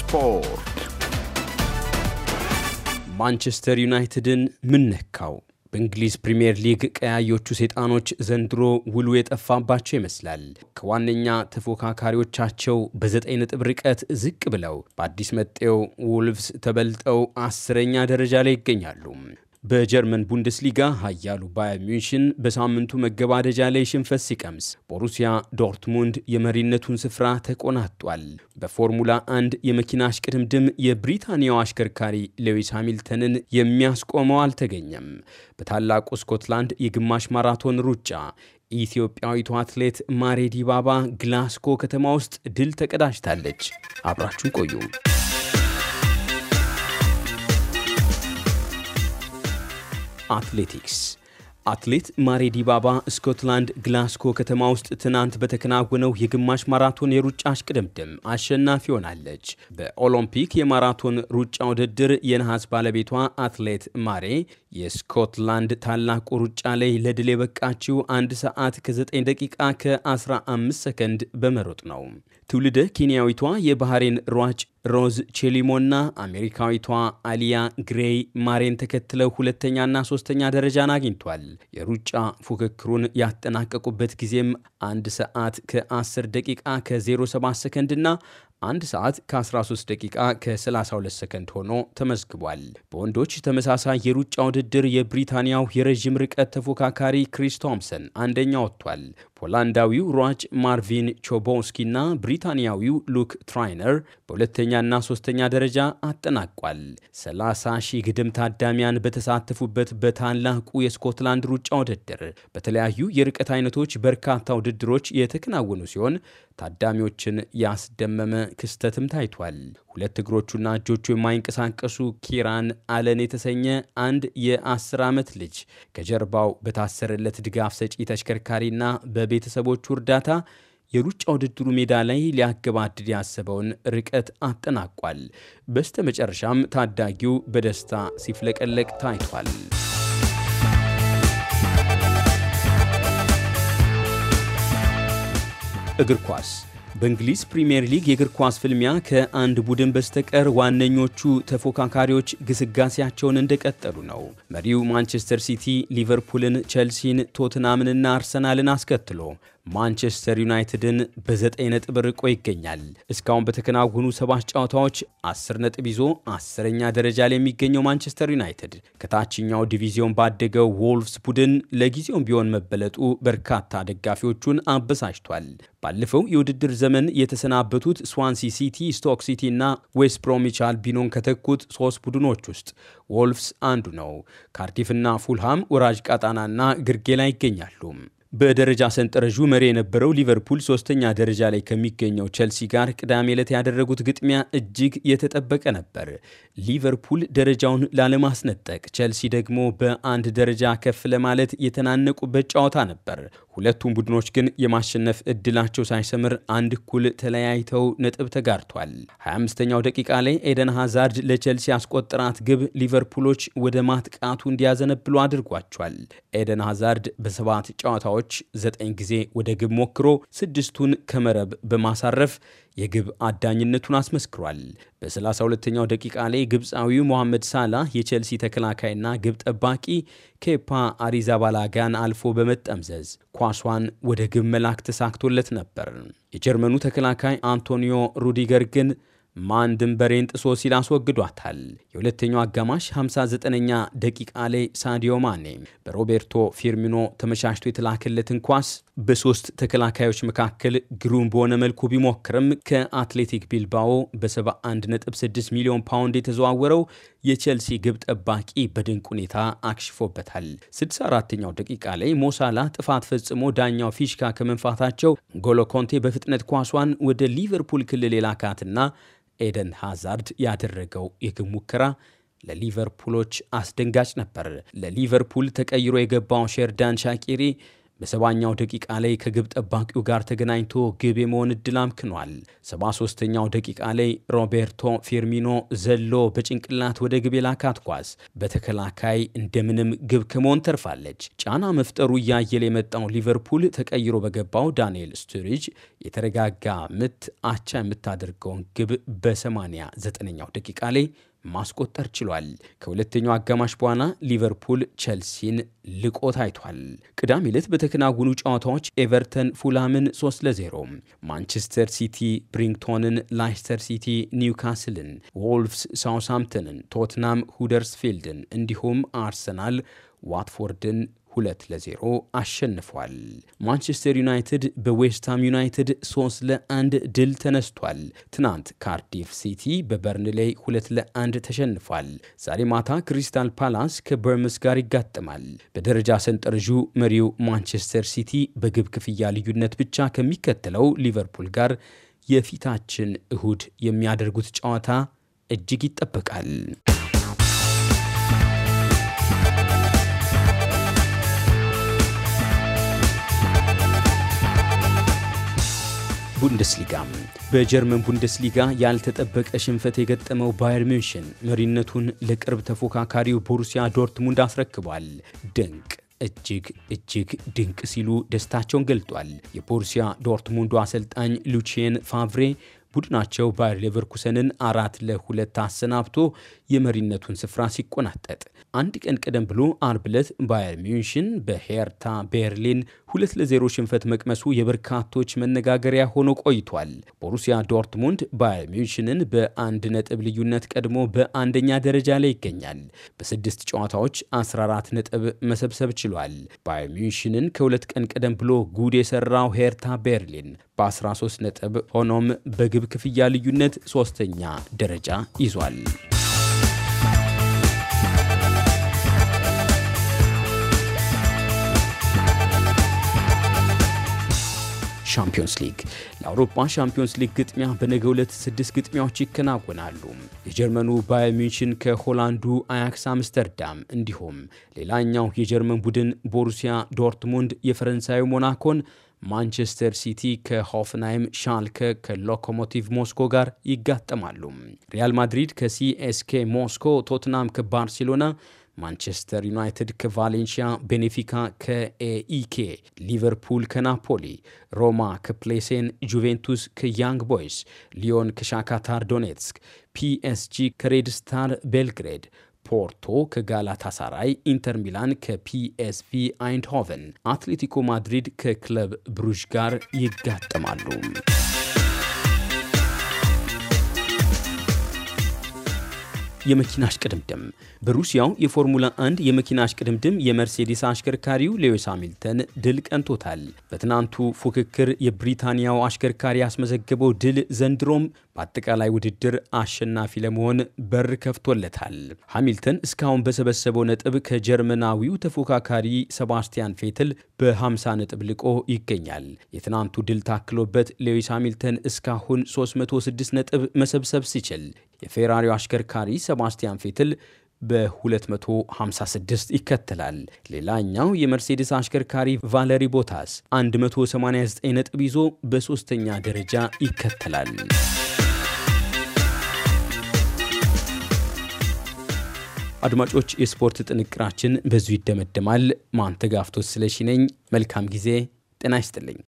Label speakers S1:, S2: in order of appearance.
S1: ስፖርት። ማንቸስተር ዩናይትድን ምነካው በእንግሊዝ ፕሪምየር ሊግ ቀያዮቹ ሰይጣኖች ዘንድሮ ውሉ የጠፋባቸው ይመስላል። ከዋነኛ ተፎካካሪዎቻቸው በዘጠኝ ነጥብ ርቀት ዝቅ ብለው በአዲስ መጤው ውልቭስ ተበልጠው አስረኛ ደረጃ ላይ ይገኛሉ። በጀርመን ቡንደስሊጋ ኃያሉ ባየር ሚንሽን በሳምንቱ መገባደጃ ላይ ሽንፈት ሲቀምስ ቦሩሲያ ዶርትሙንድ የመሪነቱን ስፍራ ተቆናጧል። በፎርሙላ አንድ የመኪና አሽቅድምድም የብሪታንያው አሽከርካሪ ሌዊስ ሃሚልተንን የሚያስቆመው አልተገኘም። በታላቁ ስኮትላንድ የግማሽ ማራቶን ሩጫ ኢትዮጵያዊቱ አትሌት ማሬ ዲባባ ግላስኮ ከተማ ውስጥ ድል ተቀዳጅታለች። አብራችሁ ቆዩ። athletics አትሌት ማሬ ዲባባ ስኮትላንድ ግላስኮ ከተማ ውስጥ ትናንት በተከናወነው የግማሽ ማራቶን የሩጫ አሽቅድምድም አሸናፊ ሆናለች። በኦሎምፒክ የማራቶን ሩጫ ውድድር የነሐስ ባለቤቷ አትሌት ማሬ የስኮትላንድ ታላቁ ሩጫ ላይ ለድል የበቃችው 1 ሰዓት ከ9 ደቂቃ ከ15 ሰከንድ በመሮጥ ነው። ትውልደ ኬንያዊቷ የባህሬን ሯጭ ሮዝ ቼሊሞና አሜሪካዊቷ አሊያ ግሬይ ማሬን ተከትለው ሁለተኛና ሶስተኛ ደረጃን አግኝቷል። የሩጫ ፉክክሩን ያጠናቀቁበት ጊዜም አንድ ሰዓት ከ10 ደቂቃ ከ07 ሰከንድና አንድ ሰዓት ከ13 ደቂቃ ከ32 ሰከንድ ሆኖ ተመዝግቧል። በወንዶች ተመሳሳይ የሩጫ ውድድር የብሪታንያው የረዥም ርቀት ተፎካካሪ ክሪስ ቶምሰን አንደኛ ወጥቷል። ፖላንዳዊው ሯጭ ማርቪን ቾቦውስኪና ብሪታንያዊው ሉክ ትራይነር በሁለተኛና ሶስተኛ ደረጃ አጠናቋል። 30 ሺህ ግድም ታዳሚያን በተሳተፉበት በታላቁ የስኮትላንድ ሩጫ ውድድር በተለያዩ የርቀት አይነቶች በርካታ ውድድሮች የተከናወኑ ሲሆን ታዳሚዎችን ያስደመመ ክስተትም ታይቷል። ሁለት እግሮቹና እጆቹ የማይንቀሳቀሱ ኪራን አለን የተሰኘ አንድ የአስር ዓመት ልጅ ከጀርባው በታሰረለት ድጋፍ ሰጪ ተሽከርካሪና በቤተሰቦቹ እርዳታ የሩጫ ውድድሩ ሜዳ ላይ ሊያገባድድ ያሰበውን ርቀት አጠናቋል። በስተ መጨረሻም ታዳጊው በደስታ ሲፍለቀለቅ ታይቷል። እግር ኳስ በእንግሊዝ ፕሪምየር ሊግ የእግር ኳስ ፍልሚያ ከአንድ ቡድን በስተቀር ዋነኞቹ ተፎካካሪዎች ግስጋሴያቸውን እንደቀጠሉ ነው። መሪው ማንቸስተር ሲቲ ሊቨርፑልን፣ ቸልሲን፣ ቶትናምንና አርሰናልን አስከትሎ ማንቸስተር ዩናይትድን በዘጠኝ ነጥብ ርቆ ይገኛል። እስካሁን በተከናወኑ ሰባት ጨዋታዎች አስር ነጥብ ይዞ አስረኛ ደረጃ ላይ የሚገኘው ማንቸስተር ዩናይትድ ከታችኛው ዲቪዚዮን ባደገው ዎልፍስ ቡድን ለጊዜውም ቢሆን መበለጡ በርካታ ደጋፊዎቹን አበሳጭቷል። ባለፈው የውድድር ዘመን የተሰናበቱት ስዋንሲ ሲቲ፣ ስቶክ ሲቲ እና ዌስት ብሮሚች አልቢኖን ከተኩት ሶስት ቡድኖች ውስጥ ዎልፍስ አንዱ ነው። ካርዲፍና ፉልሃም ወራጅ ቀጣናና ግርጌ ላይ ይገኛሉ። በደረጃ ሰንጠረዡ መሪ የነበረው ሊቨርፑል ሶስተኛ ደረጃ ላይ ከሚገኘው ቸልሲ ጋር ቅዳሜ ዕለት ያደረጉት ግጥሚያ እጅግ የተጠበቀ ነበር። ሊቨርፑል ደረጃውን ላለማስነጠቅ፣ ቸልሲ ደግሞ በአንድ ደረጃ ከፍ ለማለት የተናነቁበት ጨዋታ ነበር። ሁለቱም ቡድኖች ግን የማሸነፍ እድላቸው ሳይሰምር አንድ እኩል ተለያይተው ነጥብ ተጋርቷል። 25ኛው ደቂቃ ላይ ኤደን ሃዛርድ ለቼልሲ ያስቆጠራት ግብ ሊቨርፑሎች ወደ ማጥቃቱ እንዲያዘነብሉ አድርጓቸዋል። ኤደን ሃዛርድ በሰባት ጨዋታዎች ዘጠኝ ጊዜ ወደ ግብ ሞክሮ ስድስቱን ከመረብ በማሳረፍ የግብ አዳኝነቱን አስመስክሯል። በ32ኛው ደቂቃ ላይ ግብፃዊው ሞሐመድ ሳላህ የቼልሲ ተከላካይና ግብ ጠባቂ ኬፓ አሪዛባላጋን አልፎ በመጠምዘዝ ኳሷን ወደ ግብ መላክ ተሳክቶለት ነበር። የጀርመኑ ተከላካይ አንቶኒዮ ሩዲገር ግን ማን ድንበሬን ጥሶ ሲል አስወግዷታል። የሁለተኛው አጋማሽ 59ኛ ደቂቃ ላይ ሳዲዮ ማኔ በሮቤርቶ ፊርሚኖ ተመቻችቶ የተላከለትን ኳስ በሶስት ተከላካዮች መካከል ግሩም በሆነ መልኩ ቢሞክርም ከአትሌቲክ ቢልባኦ በ71.6 ሚሊዮን ፓውንድ የተዘዋወረው የቼልሲ ግብ ጠባቂ በድንቅ ሁኔታ አክሽፎበታል። 64ኛው ደቂቃ ላይ ሞሳላ ጥፋት ፈጽሞ ዳኛው ፊሽካ ከመንፋታቸው ጎሎ ኮንቴ በፍጥነት ኳሷን ወደ ሊቨርፑል ክልል የላካትና ኤደን ሃዛርድ ያደረገው የግብ ሙከራ ለሊቨርፑሎች አስደንጋጭ ነበር። ለሊቨርፑል ተቀይሮ የገባው ሼርዳን ሻቂሪ በሰባኛው ደቂቃ ላይ ከግብ ጠባቂው ጋር ተገናኝቶ ግብ የመሆን እድል አምክኗል። ሰባ ሶስተኛው ደቂቃ ላይ ሮቤርቶ ፊርሚኖ ዘሎ በጭንቅላት ወደ ግብ የላካት ኳስ በተከላካይ እንደምንም ግብ ከመሆን ተርፋለች። ጫና መፍጠሩ እያየለ የመጣው ሊቨርፑል ተቀይሮ በገባው ዳንኤል ስቱሪጅ የተረጋጋ ምት አቻ የምታደርገውን ግብ በ 89 ው ደቂቃ ላይ ማስቆጠር ችሏል። ከሁለተኛው አጋማሽ በኋላ ሊቨርፑል ቸልሲን ልቆ ታይቷል። ቅዳሜ ዕለት በተከናወኑ ጨዋታዎች ኤቨርተን ፉላምን 3 ለ0፣ ማንቸስተር ሲቲ ብሪንግቶንን፣ ላይስተር ሲቲ ኒውካስልን፣ ዎልፍስ ሳውስሃምፕተንን፣ ቶትናም ሁደርስፊልድን እንዲሁም አርሰናል ዋትፎርድን ሁለት ለዜሮ አሸንፏል። ማንቸስተር ዩናይትድ በዌስትሃም ዩናይትድ ሶስት ለአንድ ድል ተነስቷል። ትናንት ካርዲፍ ሲቲ በበርንሌይ ሁለት ለአንድ ተሸንፏል። ዛሬ ማታ ክሪስታል ፓላስ ከበርምስ ጋር ይጋጥማል። በደረጃ ሰንጠረዡ መሪው ማንቸስተር ሲቲ በግብ ክፍያ ልዩነት ብቻ ከሚከተለው ሊቨርፑል ጋር የፊታችን እሁድ የሚያደርጉት ጨዋታ እጅግ ይጠበቃል። ቡንደስሊጋ በጀርመን ቡንደስሊጋ ያልተጠበቀ ሽንፈት የገጠመው ባየር ሚንሽን መሪነቱን ለቅርብ ተፎካካሪው ቦሩሲያ ዶርትሙንድ አስረክቧል። ድንቅ እጅግ እጅግ ድንቅ ሲሉ ደስታቸውን ገልጧል። የቦሩሲያ ዶርትሙንዱ አሰልጣኝ ሉቺየን ፋቭሬ ቡድናቸው ባየር ሌቨርኩሰንን አራት ለሁለት አሰናብቶ የመሪነቱን ስፍራ ሲቆናጠጥ አንድ ቀን ቀደም ብሎ አርብ ዕለት ባየር ሚንሽን በሄርታ ቤርሊን ሁለት ለዜሮ ሽንፈት መቅመሱ የበርካቶች መነጋገሪያ ሆኖ ቆይቷል። ቦሩሲያ ዶርትሙንድ ባየር ሚንሽንን በአንድ ነጥብ ልዩነት ቀድሞ በአንደኛ ደረጃ ላይ ይገኛል። በስድስት ጨዋታዎች 14 ነጥብ መሰብሰብ ችሏል። ባየር ሚንሽንን ከሁለት ቀን ቀደም ብሎ ጉድ የሰራው ሄርታ ቤርሊን በ13 ነጥብ ሆኖም በግ የምግብ ክፍያ ልዩነት ሶስተኛ ደረጃ ይዟል። ሻምፒዮንስ ሊግ ለአውሮፓ ሻምፒዮንስ ሊግ ግጥሚያ በነገ ሁለት ስድስት ግጥሚያዎች ይከናወናሉ። የጀርመኑ ባየር ሚንሽን ከሆላንዱ አያክስ አምስተርዳም፣ እንዲሁም ሌላኛው የጀርመን ቡድን ቦሩሲያ ዶርትሙንድ የፈረንሳዩ ሞናኮን ማንቸስተር ሲቲ ከሆፍንሃይም፣ ሻልከ ከሎኮሞቲቭ ሞስኮ ጋር ይጋጠማሉ። ሪያል ማድሪድ ከሲኤስኬ ሞስኮ፣ ቶትናም ከባርሴሎና ማንቸስተር ዩናይትድ ከቫሌንሺያ፣ ቤኔፊካ ከኤኢኬ፣ ሊቨርፑል ከናፖሊ፣ ሮማ ከፕሌሴን፣ ጁቬንቱስ ከያንግ ቦይስ፣ ሊዮን ከሻካታር ዶኔትስክ፣ ፒኤስጂ ከሬድ ስታር ቤልግሬድ ፖርቶ ከጋላታ ሳራይ፣ ኢንተር ሚላን ከፒኤስቪ አይንድሆቨን፣ አትሌቲኮ ማድሪድ ከክለብ ብሩዥ ጋር ይጋጠማሉ። የመኪና አሽቅድምድም በሩሲያው የፎርሙላ 1 የመኪና አሽቅድምድም የመርሴዲስ አሽከርካሪው ሌዊስ ሃሚልተን ድል ቀንቶታል። በትናንቱ ፉክክር የብሪታንያው አሽከርካሪ ያስመዘገበው ድል ዘንድሮም በአጠቃላይ ውድድር አሸናፊ ለመሆን በር ከፍቶለታል። ሃሚልተን እስካሁን በሰበሰበው ነጥብ ከጀርመናዊው ተፎካካሪ ሰባስቲያን ፌትል በ50 ነጥብ ልቆ ይገኛል። የትናንቱ ድል ታክሎበት ሌዊስ ሃሚልተን እስካሁን 306 ነጥብ መሰብሰብ ሲችል የፌራሪው አሽከርካሪ ሰባስቲያን ፌትል በ256 ይከተላል። ሌላኛው የመርሴዲስ አሽከርካሪ ቫለሪ ቦታስ 189 ነጥብ ይዞ በሦስተኛ ደረጃ ይከተላል። አድማጮች፣ የስፖርት ጥንቅራችን በዙ ይደመደማል። ማንተጋፍቶት ስለሺ ነኝ። መልካም ጊዜ። ጤና ይስጥልኝ።